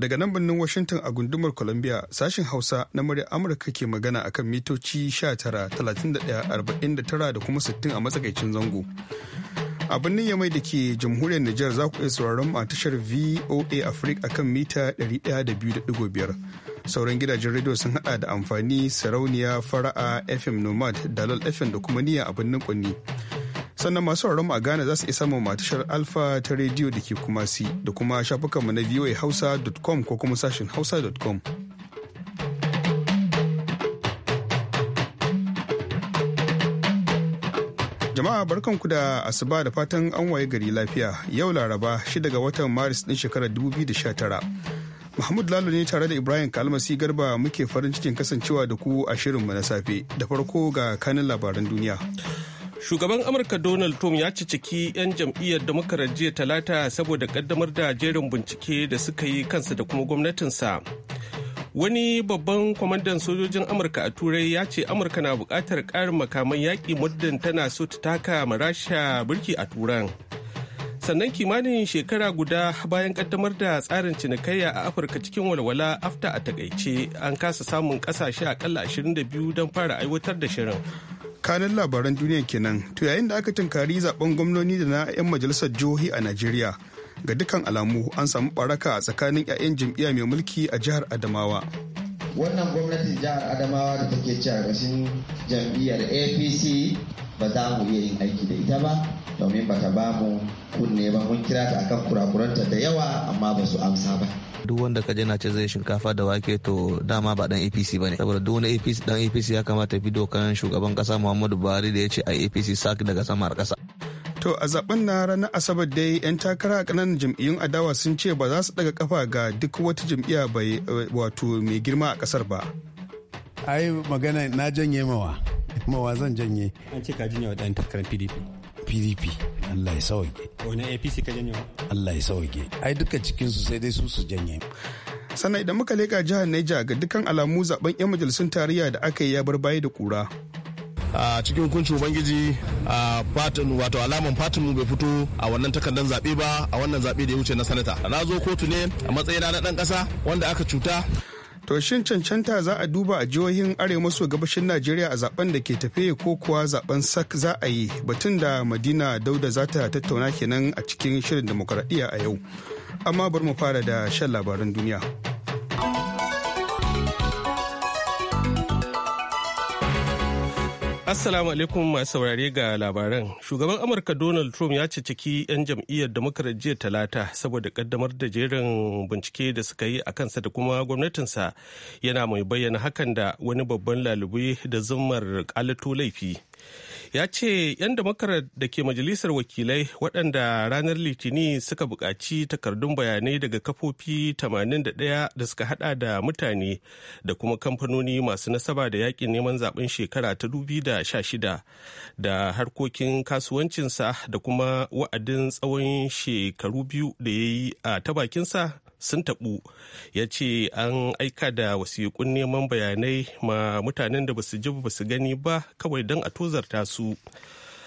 Daga nan birnin Washington a gundumar Columbia sashin Hausa na murya Amurka ke magana akan mitoci 19, 31, 49 da kuma 60 a matsakaicin zango. a birnin yamai da ke jamhuriyar Nijar za ku iya sauraron a tashar VOA Africa akan mita 102.5. Sauran gidajen rediyo sun hada da amfani sarauniya fara'a FM Nomad, Dalal FM da kuma niyya a birnin Kwanni. sannan masu sauraron a Ghana za su isa mu matashar Alfa ta rediyo da ke kuma si da kuma shafukanmu na voahausa.com ko kuma sashin hausa.com. Jama'a barkanku da asuba da fatan an waye gari lafiya yau laraba shi daga watan Maris ɗin shekarar 2019. Mahmud Lalo ne tare da Ibrahim Kalmasi Garba muke farin cikin kasancewa da ku a shirinmu na safe da farko ga kanin labaran duniya. Shugaban Amurka Donald Trump ya ciciki 'yan jam'iyyar Democrat jiya talata saboda kaddamar da jerin bincike da suka yi kansa da kuma gwamnatinsa. Wani babban kwamandan sojojin Amurka a Turai ya ce Amurka na bukatar ƙarin makaman yaƙi muddin tana so ta taka marasha birki a Turan. sannan kimanin shekara guda bayan kaddamar da tsarin cinikayya a afirka cikin walwala afta a takaice an kasa samun kasashe akalla 22 don fara aiwatar da shirin kanin labaran duniya kenan to yayin da aka tunkari zaben gwamnoni da na 'yan majalisar jihohi a najeriya ga dukkan alamu an samu baraka a tsakanin 'ya'yan jam'iyya mai mulki a jihar adamawa wannan gwamnatin jihar adamawa da take ci a ƙarshen jam'iyyar apc ba za mu iya yin aiki da ita ba domin ba ta ba mu kunne ba mun kira ta akan kurakuranta da yawa amma ba su amsa ba duk wanda ka je na ce zai shinkafa da wake to dama ba dan APC bane saboda duk wani APC dan APC ya kamata ya fi dokan shugaban kasa Muhammadu Buhari da ya ce a APC sak daga sama har kasa To a zaben na ranar Asabar dai 'yan takara a kananan jam'iyyun adawa sun ce ba za su daga kafa ga duk wata jam'iyya bai wato mai girma a kasar ba. Ai magana na janye mawa. Mawa zan janye. An ce ka janye wa ɗan takarar PDP. PDP Allah ya sauke. Wani APC ka janye wa? Allah ya sauke. Ai duka cikinsu sai dai su su janye. Sannan idan muka leƙa jihar Niger ga dukkan alamu zaben 'yan majalisun tarayya da aka yi ya bar baya da kura. a cikin hukuncin ubangiji a fatin wato alaman fatin mu bai fito a wannan takardar zaɓe ba a wannan zaɓe da ya wuce na sanata na zo kotu ne a matsayina na ɗan ƙasa wanda aka cuta to shin cancanta za a duba a jihohin arewa maso gabashin najeriya a zaben da ke tafe ko kuwa zaben sak za a yi batun da madina dauda za ta tattauna kenan a cikin shirin demokradiyya a yau amma bar mu fara da shan labaran duniya Assalamu alaikum masu saurare ga labaran. Shugaban Amurka Donald Trump ya ciki 'yan jam'iyyar Democrat jiya talata saboda kaddamar da jerin bincike da suka yi a kansa da kuma gwamnatinsa yana mai bayyana hakan da wani babban lalubi da zumar kalato laifi. ya ce 'yan damakarar da ke majalisar wakilai waɗanda ranar litini suka buƙaci takardun bayanai daga kafofi 81 da suka hada da mutane da kuma kamfanoni masu nasaba da yakin neman zaben shekara ta 2016 da harkokin kasuwancinsa da kuma wa'adin tsawon shekaru biyu da ya yi a bakinsa. sun taɓu ya ce an aika da wasiƙun neman bayanai ma mutanen da ba su ji ba su gani ba kawai don a tozarta su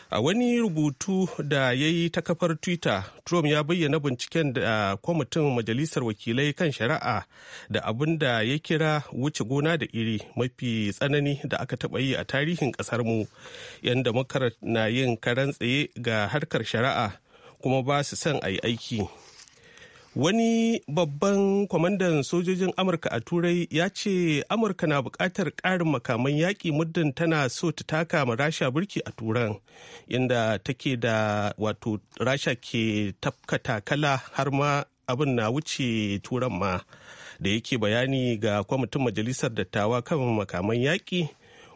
a wani rubutu da ya yi ta kafar twitter trump ya bayyana binciken da kwamitin majalisar wakilai kan shari'a da abin da ya kira wuce gona da iri mafi tsanani da aka taɓa yi a tarihin ƙasarmu yan damokar na yin karan tsaye ga harkar shari'a kuma ba su son a yi aiki Wani babban kwamandan sojojin Amurka a Turai ya ce Amurka na buƙatar ƙarin makaman yaƙi muddin tana so ta taka ma Rasha burki a Turan, inda take da wato Rasha ke tafka takala har ma abin na wuce Turan ma. Da yake bayani ga kwamitin Majalisar Dattawa kan makaman yaƙi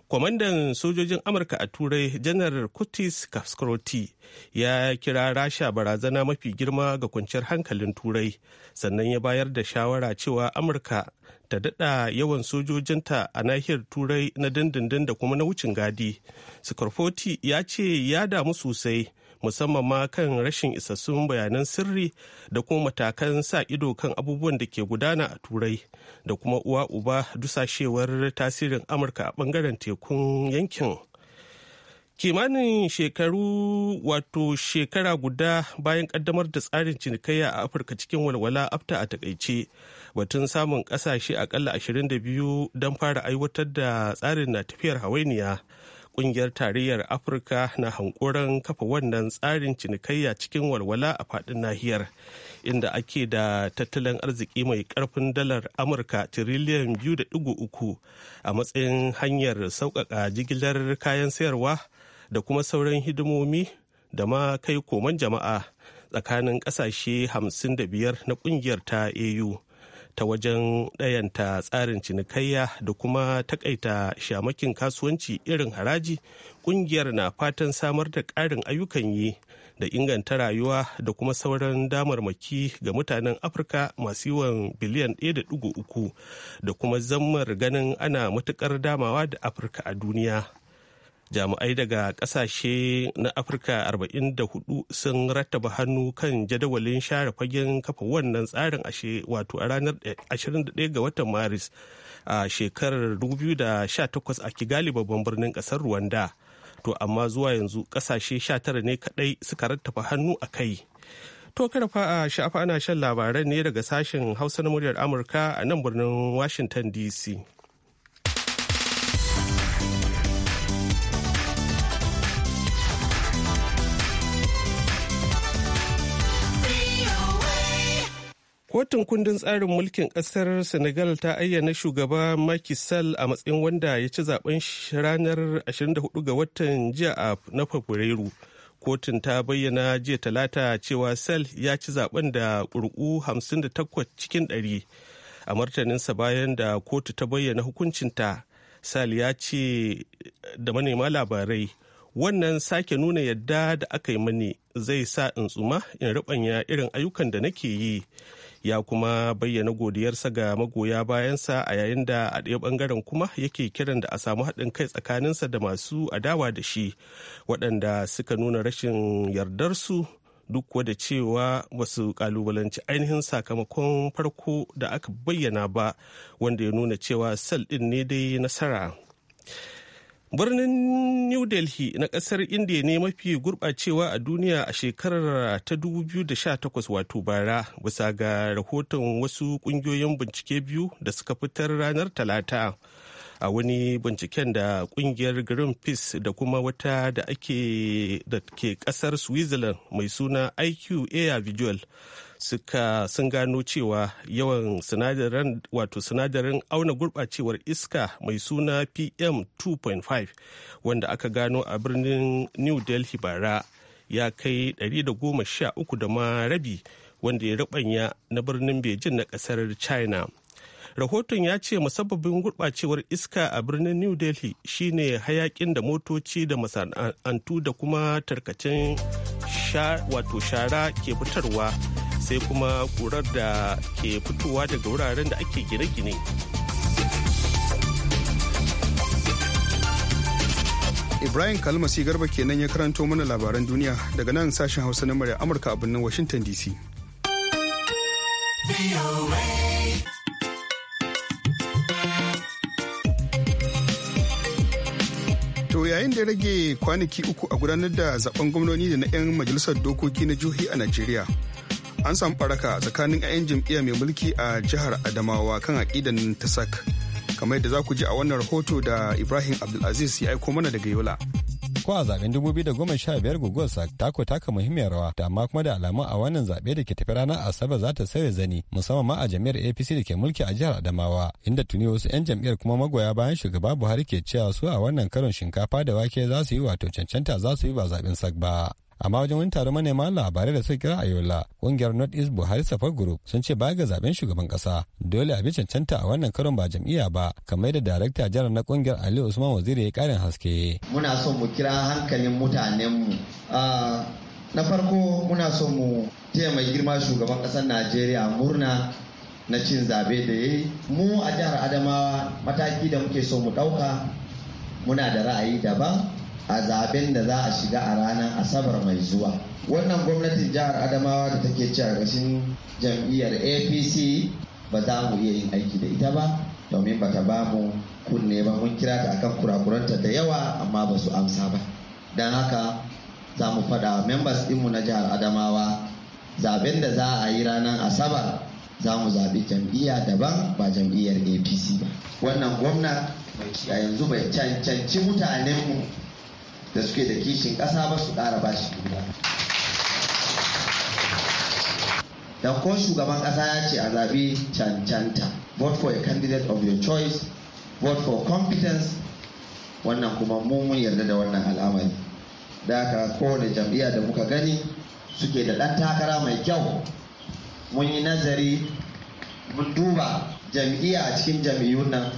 kwamandan sojojin amurka a turai janar Kutis kaskroti ya kira rasha barazana mafi girma ga kwanciyar hankalin turai sannan ya bayar da shawara cewa amurka ta daɗa yawan sojojinta a nahiyar turai na dindindin da kuma na wucin gadi skroti ya ce ya damu sosai musamman ma kan rashin isassun bayanan sirri da kuma matakan sa ido kan abubuwan da ke gudana a turai da kuma uwa uba dusashewar tasirin amurka a bangaren tekun yankin kimanin shekaru wato shekara guda bayan kaddamar da tsarin cinikayya a afirka cikin walwala afta a takaice batun samun kasashe akalla 22 don fara aiwatar da tsarin na tafiyar hawainiya kungiyar tarayyar afirka na hankoron kafa wannan tsarin cinikayya cikin walwala a faɗin nahiyar inda ake da tattalin arziki mai karfin dalar amurka tiriliyan 2.3 a matsayin hanyar sauƙaƙa jigilar kayan sayarwa da kuma sauran hidimomi da ma kai koman jama'a tsakanin ƙasashe 55 na ƙungiyar ta au ta wajen ɗayanta tsarin cinikayya da kuma takaita shamakin kasuwanci irin haraji ƙungiyar na fatan samar da ƙarin ayyukan yi da inganta rayuwa da kuma sauran damarmaki ga mutanen afirka masu yawan biliyan 1.3 da kuma zammar ganin ana matukar damawa da afirka a duniya jami'ai daga kasashe na afirka 44 sun rattaba hannu kan jadawalin share fagen kafa wannan tsarin ashe wato a ranar 21 eh, ga watan maris a shekarar 2018 a kigali babban birnin kasar rwanda to amma zuwa yanzu kasashe 19 ne kadai suka rattaba hannu a kai to karfa a sha'afa ana shan labaran ne daga sashen hausa na muryar amurka a nan birnin washington dc Kotun kundin tsarin mulkin ƙasar Senegal ta ayyana shugaba Macky Sall a matsayin wanda ya ci zaben ranar 24 ga watan jiya na Fabrairu. Kotun ta bayyana jiya talata cewa Sall ya ci zaben da ƙuri'u 58 cikin 100. A martaninsa bayan da kotu ta bayyana hukuncinta, Sall ya ce da manema labarai wannan sake nuna yadda da aka yi mani zai sa in tsuma in riɓanya irin ayyukan da nake yi ya kuma bayyana godiyarsa ga magoya bayansa a yayin da a ɗaya ɓangaren kuma yake kiran da a samu haɗin kai tsakaninsa da masu adawa da shi waɗanda suka nuna rashin yardarsu duk da cewa wasu kalubalanci ainihin sakamakon farko da aka bayyana ba wanda ya nuna cewa sel ɗin ne dai nasara. Birnin New Delhi na ƙasar India ne mafi gurɓacewa a duniya a shekarar ta 2018 wato bara bisa ga rahoton wasu ƙungiyoyin bincike biyu da suka fitar ranar talata. A wani binciken da ƙungiyar Greenpeace da kuma wata da ke ƙasar Switzerland mai suna IQ Air Visual suka sun gano cewa yawan sinadarin wato sinadarin auna gurɓacewar iska mai suna pm 2.5 wanda aka gano a birnin new delhi bara ya kai 113 da ma rabi wanda ya rubanya na birnin beijing na kasar china rahoton ya ce musabbabin gurɓacewar iska a birnin new delhi shine hayakin da motoci da masana'antu da kuma tarkacen wato shara ke fitarwa sai kuma kurar da ke fitowa daga wuraren da ake gine-gine. Ibrahim Kalmasi Garba kenan ya karanto mana labaran duniya daga nan sashen Hausa na murya Amurka a birnin Washington DC. To yayin da rage kwanaki uku a gudanar da zaben gwamnoni da na 'yan majalisar dokoki na jihohi a Najeriya. an samu baraka tsakanin 'ya'yan jam'iyya mai mulki a jihar adamawa kan aƙidan tasak kamar yadda za ku ji a wannan rahoto da ibrahim abdulaziz ya aiko mana daga yola ko a dubu biyu da zaben 2015 guguwar sa ko taka muhimmiyar rawa da amma kuma da alamu a wannan zaɓe da ke tafi ranar asabar za ta sauya zani musamman ma a jami'ar apc da ke mulki a jihar adamawa inda tuni wasu 'yan jam'iyyar kuma magoya bayan shugaba buhari ke cewa su a wannan karon shinkafa da wake za su yi wato cancanta za su yi ba zaɓen sak ba amma wajen wani taron manema labarai da suka kira ayola kungiyar north east buhari safar group sun ce baya ga zaben shugaban kasa dole a bi cancanta a wannan karon ba jam'iyya ba kamar da darakta jihar na kungiyar ali usman waziri ya karin haske muna so mu kira hankalin mu ah, na farko muna so mu taya mai girma shugaban kasar najeriya murna na cin zabe da ya mu a jihar adamawa mataki da muke so mu ɗauka muna da ra'ayi daban a zaben da za a shiga a ranar asabar mai zuwa wannan gwamnatin jihar adamawa da take ci a ƙarshen jam'iyyar apc ba za mu iya yin aiki da ita ba domin ba ta ba mu kunne ba mun kira ta akan kurakuranta da yawa amma ba su amsa ba don haka za mu faɗa members ɗinmu na jihar adamawa zaben da za a yi ranar asabar za mu zaɓi jam'iyya daban ba jam'iyyar apc ba wannan gwamna a yanzu bai cancanci mutanenmu da suke da kishin ƙasa ba su ƙara ba shi gida da ko shugaban ƙasa ya ce a zaɓi cancanta vote for a candidate of your choice vote for competence wannan kuma mun yarda da wannan al'amari da haka kowane jam'iyya da muka gani suke da ɗan takara mai kyau mun yi nazari mun duba jam'iyya a cikin jam'iyyun nan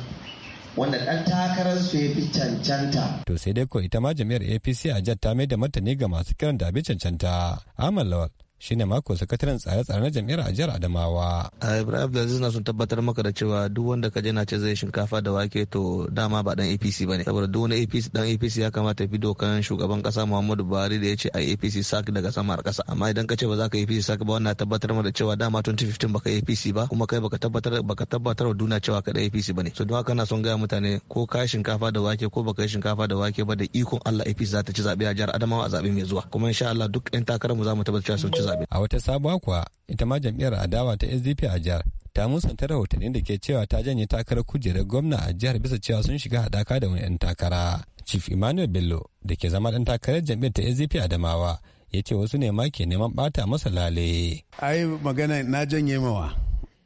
wanda ɗan takarar su ya fi cancanta. To sai dai ko ita ma jami'ar APC a jihar ta mai da martani ga masu kiran da abin cancanta. Amal Lawal shine mako sakataren tsare-tsare na jam'iyyar a jihar Adamawa. Ibrahim Abdulaziz na sun tabbatar maka da cewa duk wanda ka je na ce zai shinkafa da wake to dama ba dan APC ba ne, saboda duk wani APC dan APC ya kamata fi dokan shugaban kasa Muhammadu Buhari da ya ce ai APC sak daga sama har kasa amma idan ka ce ba za ka APC sak ba wannan tabbatar maka da cewa dama 2015 baka APC ba kuma kai baka tabbatar baka tabbatar wa duniya cewa ka da APC ba so don haka na son gaya mutane ko ka shinkafa da wake ko baka yi shinkafa da wake ba da ikon Allah APC za ta ci zaɓe a jihar Adamawa a zaɓe mai zuwa kuma insha Allah duk 'yan takarar mu za mu tabbatar cewa sun ci zaɓe. A wata sabuwa kuwa ita ma jam'iyyar adawa ta SDP a jihar ta musanta rahotanni da ke cewa ta janye takarar kujerar gwamna a jihar bisa cewa sun shiga haɗaka da wani 'yan takara. Chief Emmanuel Bello da ke zama ɗan takarar jam'iyyar ta SDP Adamawa ya ce wasu ne ma ke neman ɓata masa lale. Ai magana na janye mawa.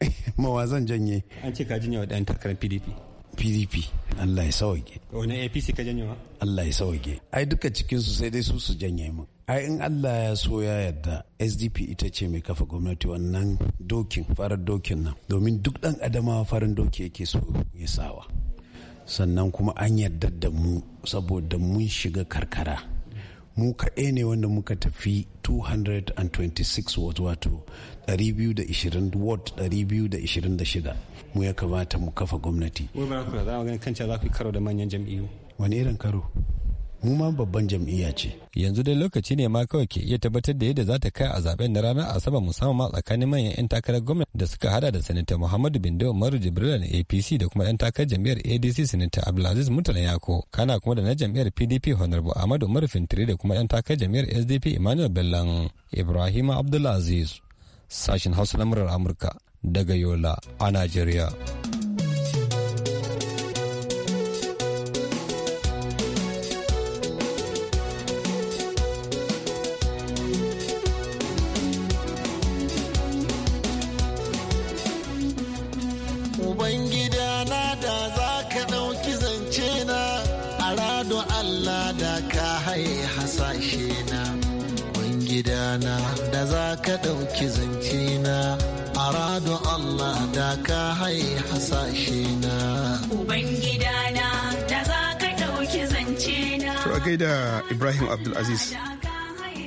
mawa zan janye. An ce ka janye wa ɗan takarar PDP. PDP Allah ya sauke. Wani APC ka janye wa? Allah ya sauke. Ai duka cikinsu sai dai su su janye mu. ai in allah ya so ya yadda sdp ita ce mai kafa gwamnati wannan dokin farar dokin nan domin duk dan adamawa farin doki yake so ya sawa sannan kuma an yarda da mu saboda mun shiga karkara mu kaɗai ne wanda muka tafi 226 watt wato 220 watt 226 mu ya kamata mu kafa gwamnati. Wani irin karo? mu ma babban jam'iyya ce yanzu dai lokaci ne ma kawai ke iya tabbatar da yadda za ta kai a zaben na ranar asabar musamman ma tsakanin manyan 'yan takarar gwamnati da suka hada da sanata muhammadu bindo umaru jibrila na apc da kuma 'yan takarar jam'iyyar adc sanata abdulaziz mutala yako kana kuma da na jam'iyyar pdp honorable ahmadu umaru fintiri da kuma 'yan takarar jam'iyyar sdp emmanuel bellan ibrahim abdulaziz sashin hausa na murar amurka daga yola a najeriya. ka ɗauki zance na rado Allah da ka hai hasashe na ɗauki zance na gaida Ibrahim Abdulaziz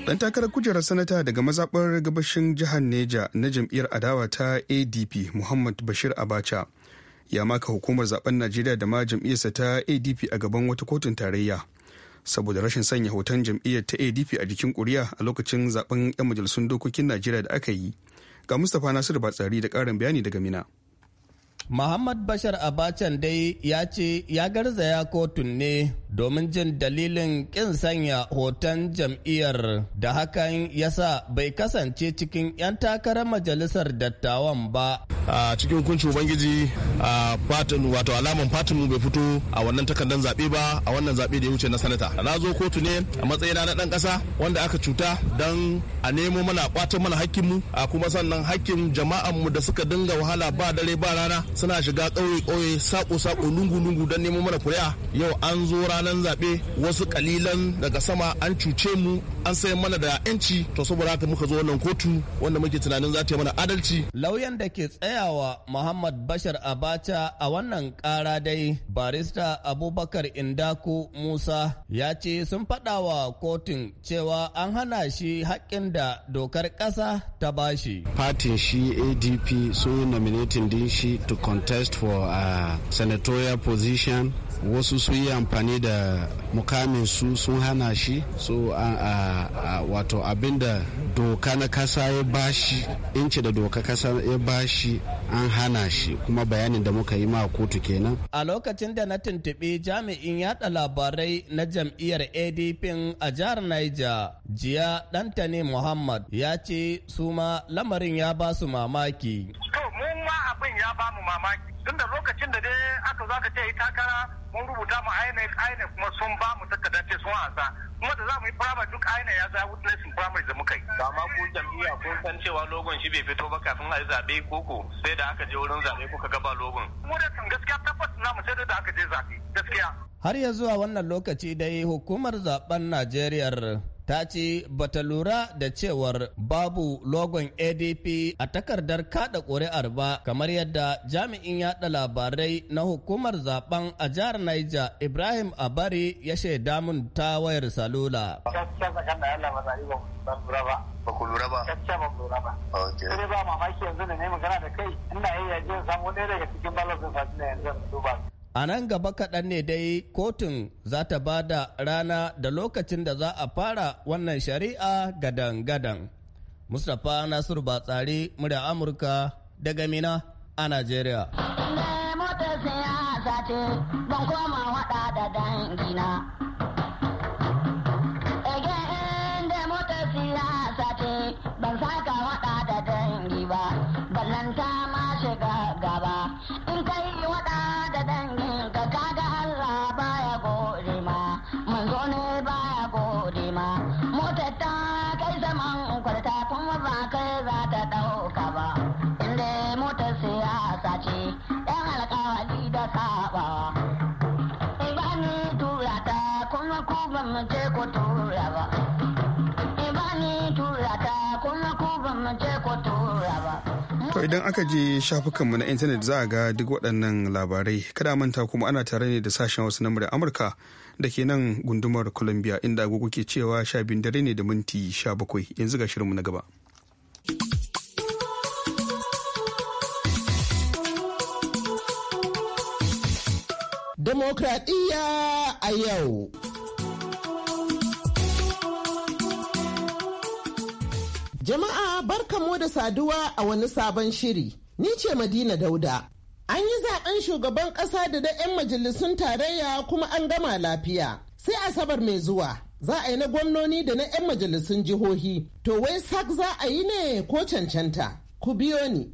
Ɗan takarar kujerar sanata daga mazaɓar gabashin jihar Neja na jam'iyyar adawa ta ADP Muhammad Bashir Abacha ya maka hukumar zaben Najeriya da ma jam'iyyarsa ta ADP a gaban wata kotun tarayya. saboda rashin sanya hoton jam'iyyar ta adp a jikin kuri'a a lokacin zaben 'yan majalisun dokokin najeriya da aka yi ga mustapha nasiru batsari da karin bayani daga mina muhammad bashar abacan dai ya ce ya garzaya kotun ne domin jin dalilin kin sanya hoton jam'iyyar da hakan yasa bai kasance cikin 'yan takarar majalisar dattawan ba. A cikin hukuncin Ubangiji a fatin wato alaman fatinmu bai fito a wannan takardar zaɓe ba a wannan zaɓe da ya wuce na sanata. Na zo kotu ne a matsayina na ɗan ƙasa wanda aka cuta don a nemo mana ƙwatar mana hakkinmu a kuma sannan hakkin jama'anmu da suka dinga wahala ba dare ba rana suna shiga ƙauye-ƙauye sako-sako lungu-lungu don nemo mana kuri'a yau an zo rana ranar zaɓe wasu kalilan daga sama an cuce mu an sai mana da 'yanci to saboda haka muka zo wannan kotu wanda muke tunanin za ta yi mana adalci. Lauyan da ke tsayawa Muhammad Bashar Abacha a wannan ƙara dai barista Abubakar Indako Musa ya ce sun faɗa wa kotun cewa an hana shi haƙƙin da dokar ƙasa ta bashi. Fatin shi ADP sun yi nominating din shi to contest for a uh, senatorial position wasu sun yi amfani da mukamin su sun hana shi so a wato abinda doka na kasa ya bashi inci da doka kasa ya bashi an hana shi kuma bayanin da muka yi ma kotu kenan a lokacin da na tuntuɓi jami'in yada labarai na jam'iyyar adp a jihar niger jiya dantani muhammad ya ce su ma lamarin ya ba su mamaki mamaki tunda lokacin da dai aka zo aka ce yi takara mun rubuta mu INEC INEC kuma sun ba mu takardar ce sun hasa kuma da za mu yi primary duk INEC ya za wuce witnessing primary da muka yi. ba ma ko jam'iyya ko san cewa logon shi bai fito ba kafin a yi zabe koko sai da aka je wurin zabe kuka gaba logon. mu da kan gaskiya tabbas za mu sai da aka je zabe gaskiya. har ya zuwa wannan lokaci dai hukumar zaben Najeriya ta ce bata lura da cewar babu logon adp a takardar kada ƙuri'ar ba kamar yadda jami'in yada labarai na hukumar zaben a jihar niger ibrahim abari ya shaida mun ta wayar salula ba ku lura ba ba ku lura ba okay sai ba mamaki yanzu da ne magana da kai ina yayin samu ɗaya daga cikin balas da yanzu duba A nan gaba kaɗan ne dai kotun za ta ba da rana da lokacin da za a fara wannan shari'a gadan-gadan. Mustapha Nasiru Batsari murya Amurka daga Mina a Najeriya. Ne motar sai zace, ban koma waɗa da dangina. To idan aka je shafukanmu na intanet za a ga duk waɗannan labarai. Kada manta kuma ana tare ne da sashen wasu na murya Amurka da ke nan gundumar Columbia inda agogo ke cewa sha biyun dare ne da minti sha bakwai yanzu ga shirinmu na gaba. Demokradiyya a yau. Jama'a mu da saduwa a wani sabon shiri. Ni ce Madina Dauda. An yi zaɓen shugaban ƙasa da da 'yan majalisun tarayya kuma an gama lafiya. Sai Asabar mai zuwa za a yi na gwamnoni da na 'yan majalisun jihohi. To wai sak za a yi ne ko cancanta? Ku biyo ni.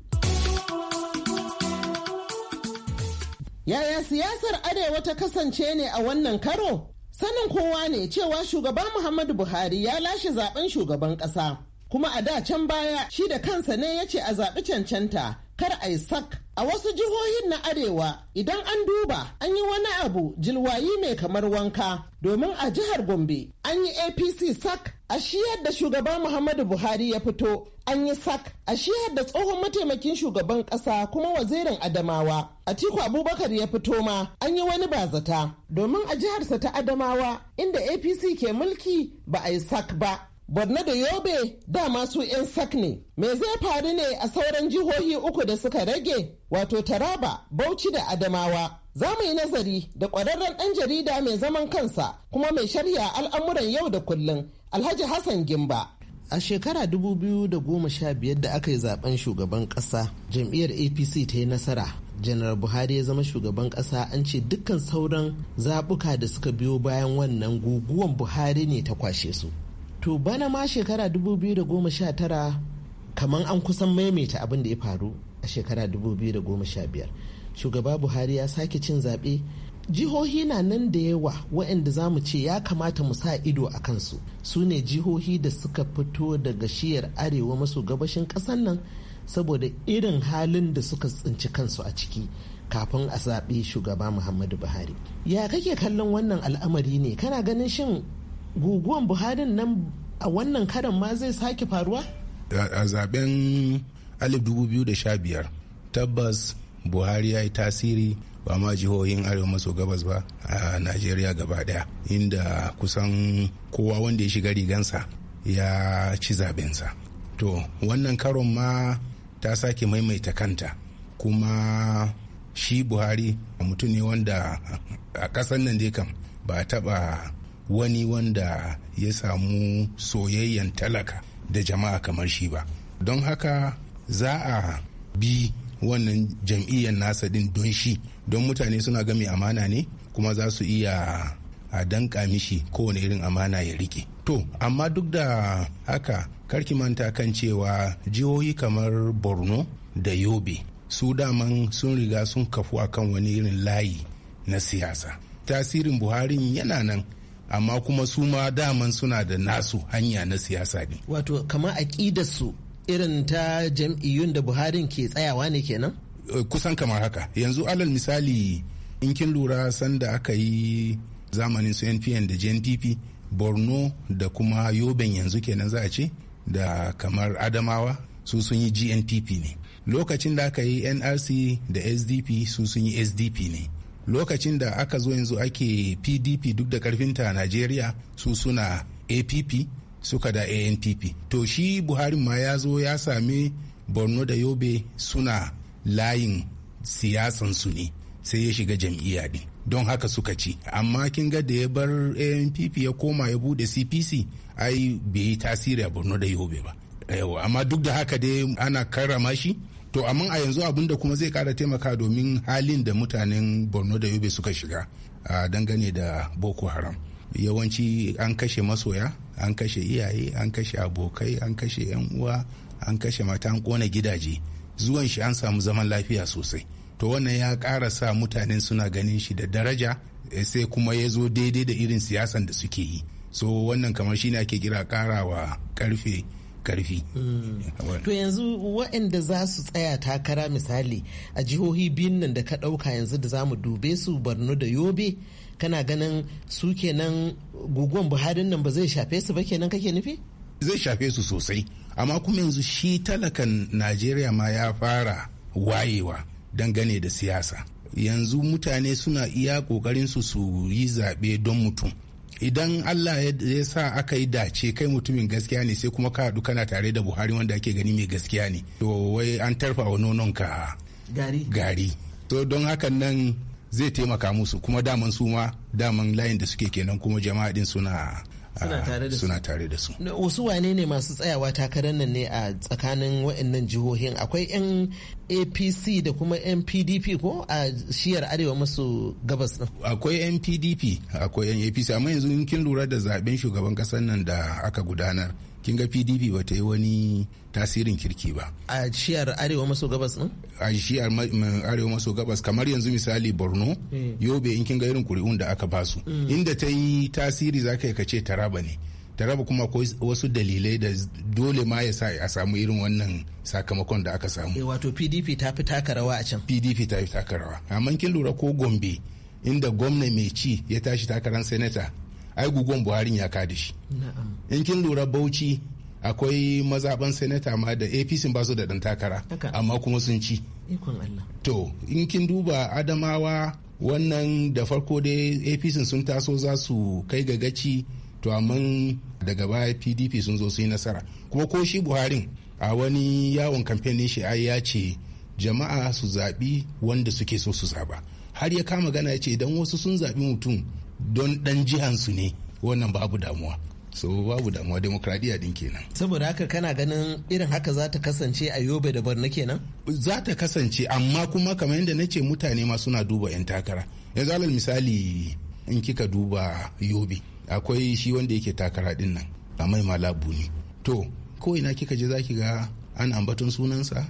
Yaya siyasar Arewa ta kasance ne a wannan karo? Sanin kowa ne cewa shugaba Muhammadu Buhari ya lashe zaben shugaban ƙasa. kuma a da can baya shi da kansa ne ya ce a zaɓi cancanta kar a sak a wasu jihohin na arewa idan an duba an yi wani abu jilwayi mai kamar wanka domin a jihar gombe an yi apc sak a shi yadda shugaba muhammadu buhari ya fito an yi sak a shi yadda tsohon mataimakin shugaban kasa kuma wazirin adamawa a tiku abubakar ya fito ma an yi wani bazata domin a jiharsa ta adamawa inda apc ke mulki ba a yi sak ba Borno da Yobe dama su 'yan sakne ne. Me zai faru ne a sauran jihohi uku da suka rage? Wato Taraba, Bauchi da Adamawa. Za mu yi nazari da ƙwararren ɗan jarida mai zaman kansa kuma mai shari'a al'amuran yau da kullun Alhaji Hassan Gimba. A shekara 2015 da aka yi zaben shugaban ƙasa, jam'iyyar APC ta yi nasara. janar buhari ya zama shugaban kasa an ce dukkan sauran zabuka da suka biyo bayan wannan guguwan buhari ne ta kwashe su to bana ma shekara 2019 kamar an kusan maimaita abin da ya faru a shekara 2015 shugaba buhari ya sake cin zaɓe jihohi na nan da yawa waɗanda za mu ce ya kamata mu sa ido a kansu su ne jihohi da suka fito daga shiyar arewa maso gabashin ƙasar nan saboda irin halin da suka tsinci kansu a ciki kafin a zaɓi shugaba muhammadu buhari ya kake kallon wannan al'amari ne kana ganin shin guguwan Buhari nan a wannan karan ma zai sake faruwa a zaben 2015 tabbas buhari ya yi tasiri ba ma jihohin arewa maso gabas ba a najeriya gaba daya inda kusan kowa wanda ya shiga rigansa ya ci zabensa to wannan karon ma ta sake maimaita kanta kuma shi buhari mutum ne wanda a kasan nan dai kam ba a taba wani wanda ya samu soyayyen talaka da jama'a kamar shi ba don haka za a bi wannan jam'iyyar nasa din don shi don mutane suna ga mai amana ne kuma za su iya a danka mishi kowane irin amana ya rike to amma duk da haka karki manta kan cewa jihohi kamar borno da yobe su daman sun riga sun kafu akan wani irin layi na siyasa tasirin buhari yana nan amma kuma su ma daman suna da nasu hanya na siyasa ne wato kama aƙidar su irin ta jam'iyyun da buharin ke tsayawa ne kenan eh, kusan kamar haka yanzu alal misali in kin lura sanda aka yi zamanin su npn da JNPP, borno da kuma yoben yanzu kenan za a ce da kamar adamawa su sun yi gnpp ne lokacin da aka yi nrc da sdp su sun yi sdp ne lokacin da aka zo yanzu ake pdp duk da karfinta a najeriya su suna app suka da anpp to shi buhari ma ya zo ya sami borno da yobe suna layin siyasansu ne sai ya shiga jam'iyya din don haka suka ci amma kin ga da ya bar anpp ya koma ya bude cpc ai bai yi tasiri a borno da yobe ba amma duk da haka dai ana karrama shi to amma a yanzu abin da kuma zai kara taimaka domin halin da mutanen borno da yobe suka shiga a dangane da boko haram yawanci an kashe masoya an kashe iyaye an kashe abokai an kashe yan uwa an kashe mata an kona gidaje zuwan shi an samu zaman lafiya sosai to wannan ya ƙara sa mutanen suna ganin shi da daraja eh, sai kuma ya zo daidai da irin siyasan da suke yi so wannan kamar shine ake kira ƙarawa karfe karfi. Mm. To yanzu waɗanda za su tsaya takara misali a jihohi biyun nan da ka ɗauka yanzu da za mu dube su barno da Yobe kana ganin su kenan guguwan Buhari nan ba zai shafe su ba kenan kake nufi? Zai shafe su sosai amma kuma yanzu shi talakan Najeriya ma ya fara wayewa dangane da siyasa. Yanzu mutane suna iya ƙoƙarin su su yi zaɓe don mutum. idan Allah ya sa aka yi dace kai mutumin gaskiya ne sai kuma ka haɗu kana tare da Buhari wanda ake gani mai gaskiya ne to wai an tarfa wa nonon ka gari gari to don hakan nan zai taimaka musu kuma daman su ma daman layin da suke kenan kuma jama'a din suna suna ah, tare da su wasu wane ne masu tsayawa takarar nan ne a tsakanin waɗannan jihohin akwai yan apc da kuma yan pdp ko a shiyar arewa masu gabas akwai yan pdp akwai yan apc amma yanzu kin lura da zaben shugaban kasar nan da aka gudanar kin ga pdp ba ta yi wani tasirin kirki ba a shiyar arewa maso gabas ne a shiyar arewa maso gabas kamar yanzu misali borno hmm. yobe in kin ga irin kuri'un da aka basu hmm. inda ta yi tasiri za ka ka ce taraba ne taraba kuma akwai wasu dalilai da dole ma ya sa a samu irin wannan sakamakon da aka samu eh, wato pdp ta fi taka a can pdp ta fi taka amma kin lura ko gombe inda gwamna mai ci ya tashi takarar senata ai guguwan buharin ya kada shi in kin lura bauchi akwai mazaban senata ma da apc ba su da dan takara amma kuma sun ci to in kin duba adamawa wannan da farko dai apc sun taso za su kai ga gaci to amma daga baya pdp sun zo su yi nasara kuma ko shi buharin a wani yawon kamfenin shi ai ya ce jama'a su zaɓi wanda suke so su zaba har ya kama gana ya ce idan wasu sun zaɓi mutum don dan su ne wannan babu damuwa so babu damuwa demokradiyya din kenan saboda haka kana ganin irin haka za ta kasance a yobe da barna kenan za ta kasance amma kuma kamar yadda na ce mutane ma suna duba 'yan takara yanzu alal misali in kika duba yobe akwai shi wanda yake takara din nan a mai malabu ne to ko ina kika je zaki ga an ambaton sunansa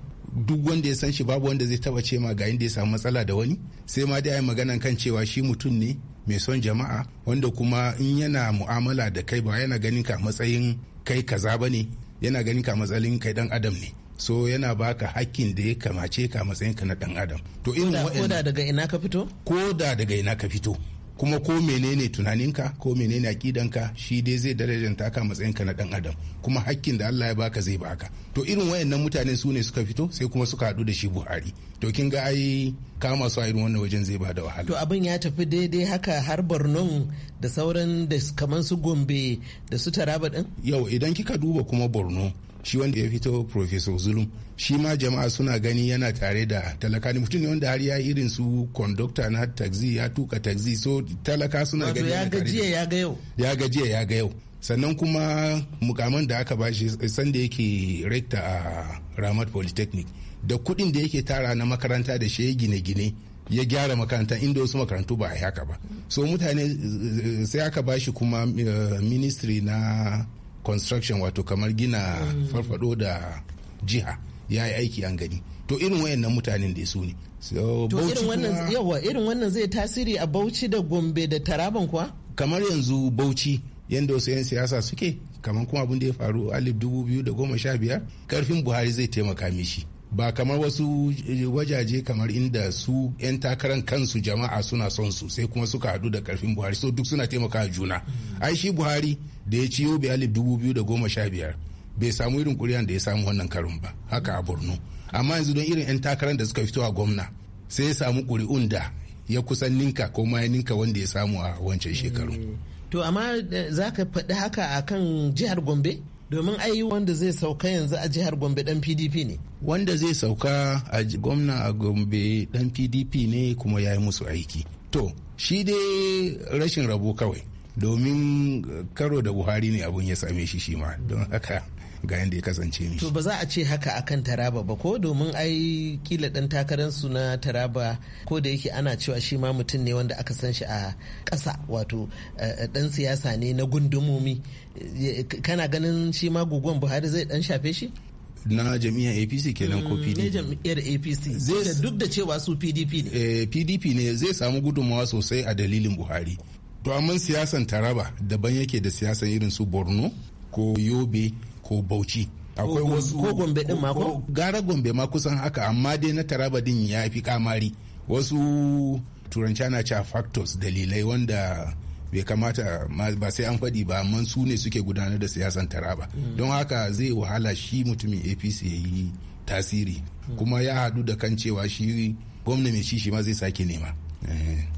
duk wanda ya san shi babu wanda zai taba ce ma ga inda ya samu matsala da wani sai ma dai ai maganan kan cewa shi mutum ne mai son jama'a wanda kuma in yana mu'amala da kai ba yana ganin ka matsayin kai kaza ba ne yana ganin ka matsayin kai dan adam ne so yana baka hakkin da ya kamace ka matsayin ka na dan adam to irin da daga ina ka fito Ko da daga ina ka fito kuma ko menene tunaninka ko menene akidanka shi dai zai darajanta ka matsayinka na dan adam kuma hakkin da Allah ya baka zai baka to irin wayannan mutane su ne suka fito sai kuma suka haɗu da shi Buhari to kin ga ai kama su a irin wannan wajen zai bada wahala to abin ya tafi daidai haka har Borno da sauran da kaman su Gombe da su Taraba din yau idan kika duba kuma Borno shi wanda ya fito professor zulum shi ma jama'a suna gani yana tare da talaka ne mutum ne wanda har ya irin su conductor na taxi ya tuka taxi so talaka suna gani ya gajiya ya ga yau ya gajiya ya ga yau sannan kuma mukaman da aka bashi sanda yake rekta a ramat polytechnic da kudin da yake tara na makaranta da shi gine-gine ya gyara makaranta inda wasu makarantu ba a haka ba so mutane eh, eh, sai aka bashi kuma eh, ministry na construction wato kamar gina mm. farfado da jiha ya yi aiki an gani to irin wayannan mutanen da su ne so, irin wannan yawa irin wannan zai tasiri a bauchi da gombe da taraban kuwa kamar yanzu bauchi yadda wasu 'yan siyasa suke kamar kuma abin da ya faru alif dubu biyu da goma sha biyar karfin buhari zai taimaka mishi ba kamar wasu eh, wajaje kamar inda su 'yan takarar kansu jama'a suna son su sai kuma suka hadu da karfin buhari so duk suna taimaka juna ai shi buhari da ya ciyo bi alif dubu biyu da goma sha biyar bai samu irin kuri'an da ya samu wannan karin ba haka a borno amma yanzu don irin 'yan takarar da suka fito a gwamna sai ya samu kuri'un da ya kusan ninka ko ma ya ninka wanda ya samu a wancan shekaru mm. to amma eh, za ka faɗi haka akan jihar gombe domin ai wanda zai sauka yanzu a jihar gombe dan pdp ne wanda zai sauka a gwamna a gombe dan pdp ne kuma ya yi musu aiki to shi dai rashin rabo kawai domin karo da buhari ne abun ya same shi shi ma don haka ga yadda ya kasance mishi. To ba za a ce haka akan Taraba ba ko domin ai kila dan takararsu na Taraba ko da yake ana cewa shi ma mutum ne wanda aka san shi a ƙasa wato dan eh, eh, siyasa ne na gundumomi kana ganin shi ma guguwan Buhari zai dan shafe shi? na jam'iyyar apc kenan ko mm, pdp ne jam'iyyar apc Zai duk da cewa su pdp ne pdp eh, ne zai samu gudunmawa sosai a dalilin buhari to amma siyasan taraba daban yake da siyasan irin su borno ko yobe ko bauchi akwai wasu ko gombe din ma ko gara gombe ma kusan haka amma dai na taraba din ya fi kamari wasu turanci na cewa factors dalilai wanda bai kamata ba sai an faɗi ba amma su ne suke gudanar da siyasan taraba mm. don haka zai wahala shi mutumin apc ya yi tasiri mm. kuma ya haɗu da kan cewa shi gwamna mai shi shi ma zai sake nema eh,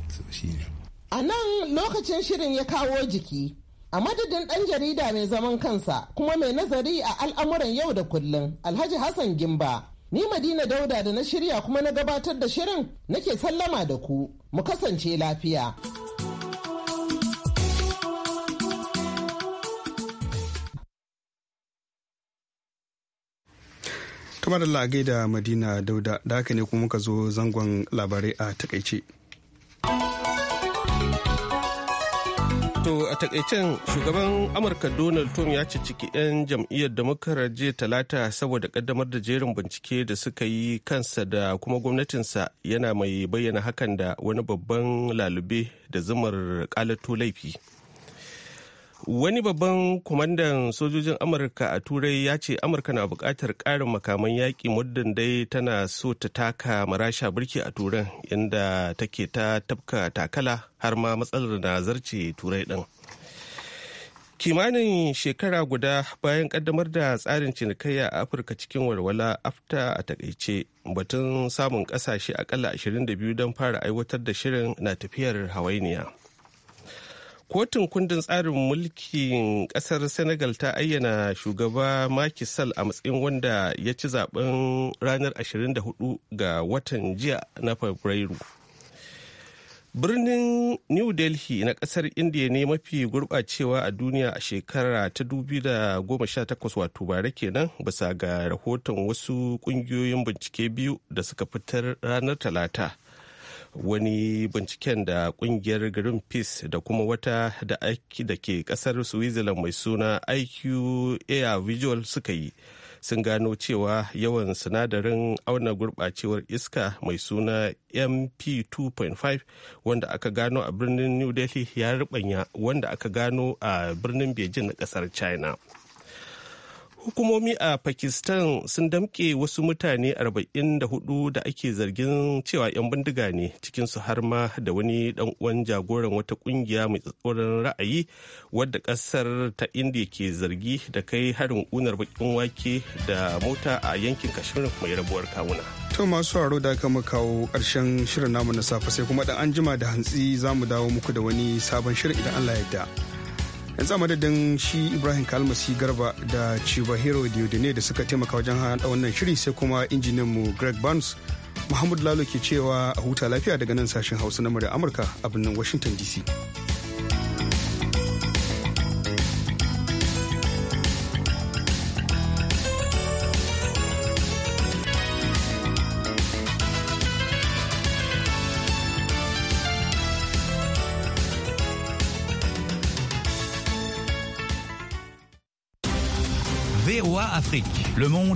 a nan lokacin shirin ya kawo jiki a madadin ɗan jarida mai zaman kansa kuma mai nazari a al'amuran yau da kullum alhaji hassan gimba ni madina dauda da na shirya kuma na gabatar da shirin nake sallama da ku mu kasance lafiya kamar da lagai da madina dauda da haka ne kuma muka zo zangon labarai a takaice. To a takaicen shugaban Amurka Donald Trump ya ciki 'yan jam'iyyar Democrat jiya talata saboda kaddamar da jerin bincike da suka yi kansa da kuma gwamnatinsa yana mai bayyana hakan da wani babban lalube da zumar kalato laifi. wani babban kwamandan sojojin amurka a turai ya ce amurka na buƙatar ƙarin makaman yaƙi muddin dai tana so ta taka marasha birki a turan inda take ta tafka takala har ma matsalar na zarce turai ɗin kimanin shekara guda bayan ƙaddamar da tsarin cinikayya a afirka cikin walwala afta a takaice batun samun ƙasashe akalla 22 don fara aiwatar da shirin na tafiyar hawainiya kotun kundin tsarin mulkin kasar senegal ta ayyana shugaba Macky Sall a matsayin wanda ya ci zaben ranar 24 ga watan jiya na fabrairu birnin new delhi na kasar india ne mafi gurɓacewa a duniya a shekara ta 2018 wato bara kenan bisa ga rahoton wasu ƙungiyoyin bincike biyu da suka fitar ranar talata wani binciken da kungiyar greenpeace da kuma wata da ke kasar switzerland mai suna iq air visual suka yi sun gano cewa yawan sinadarin auna gurɓacewar iska mai suna mp2.5 wanda aka gano a birnin new delhi ya ribanya wanda aka gano a birnin beijing na kasar china hukumomi a pakistan sun damƙe wasu mutane 44 da ake zargin cewa 'yan bindiga ne cikinsu har ma da wani dan uwan jagoran wata kungiya mai tsatsoron ra'ayi wadda kasar ta india ke zargi da kai harin unar bakin wake da mota a yankin kashmir mai rabuwar kawuna to masu haro da aka kawo ƙarshen shirin namu na safe sai kuma dan anjima da hantsi za mu dawo muku da wani sabon shirin idan allah ya yarda yanzu a madadin shi ibrahim kalmasi garba da chibahiro diodine da suka taimaka wajen haɗa wannan shiri sai kuma mu greg barnes muhammadu lalo ke cewa a huta lafiya daga nan sashen hausa na murya amurka a birnin washington dc Afrique. Le monde